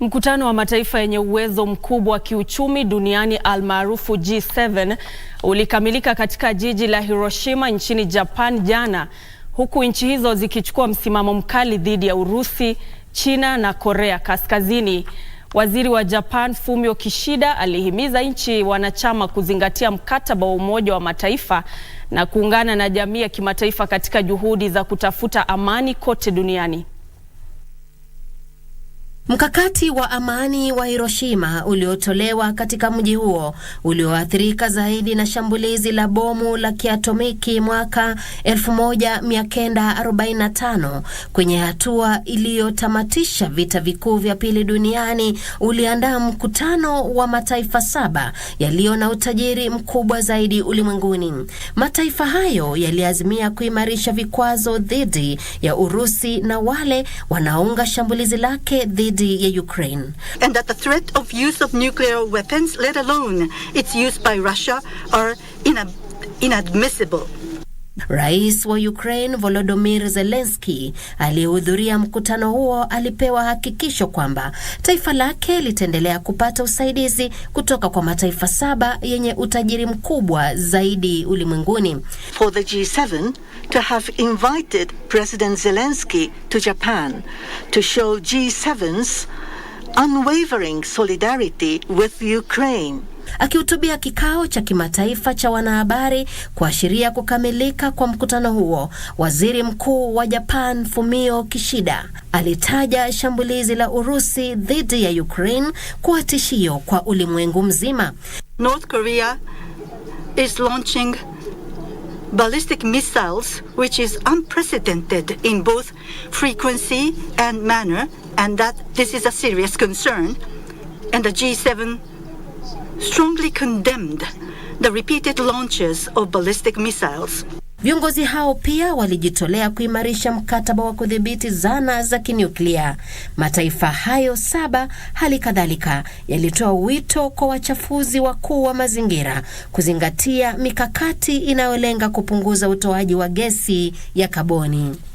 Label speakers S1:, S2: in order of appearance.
S1: Mkutano wa mataifa yenye uwezo mkubwa wa kiuchumi duniani almaarufu G7 ulikamilika katika jiji la Hiroshima nchini Japan jana, huku nchi hizo zikichukua msimamo mkali dhidi ya Urusi, China na Korea Kaskazini. Waziri wa Japan Fumio Kishida alihimiza nchi wanachama kuzingatia mkataba wa Umoja wa Mataifa na kuungana na jamii ya kimataifa katika juhudi za kutafuta amani kote duniani.
S2: Mkakati wa amani wa Hiroshima uliotolewa katika mji huo ulioathirika zaidi na shambulizi la bomu la kiatomiki mwaka 1945 kwenye hatua iliyotamatisha vita vikuu vya pili duniani uliandaa mkutano wa mataifa saba yaliyo na utajiri mkubwa zaidi ulimwenguni. Mataifa hayo yaliazimia kuimarisha vikwazo dhidi ya Urusi na wale wanaounga shambulizi lake dhidi the Ukraine.
S3: And that the threat of use of nuclear weapons, let alone its use by Russia, are inadmissible.
S2: Rais wa Ukraine Volodymyr Zelensky aliyehudhuria mkutano huo alipewa hakikisho kwamba taifa lake litaendelea kupata usaidizi kutoka kwa mataifa saba yenye utajiri mkubwa zaidi ulimwenguni.
S3: For the G7 to have invited President Zelensky to Japan to show G7's unwavering solidarity with Ukraine
S2: akihutubia kikao cha kimataifa cha wanahabari kuashiria kukamilika kwa mkutano huo, waziri mkuu wa Japan Fumio Kishida alitaja shambulizi la Urusi dhidi ya Ukraine kuwa tishio kwa ulimwengu mzima.
S3: North Korea is launching ballistic missiles which is unprecedented in both frequency and manner and that this is a serious concern and the G7 strongly condemned the repeated launches of ballistic missiles.
S2: Viongozi hao pia walijitolea kuimarisha mkataba wa kudhibiti zana za kinyuklia. Mataifa hayo saba hali kadhalika yalitoa wito kwa wachafuzi wakuu wa mazingira kuzingatia mikakati inayolenga kupunguza utoaji wa gesi ya kaboni.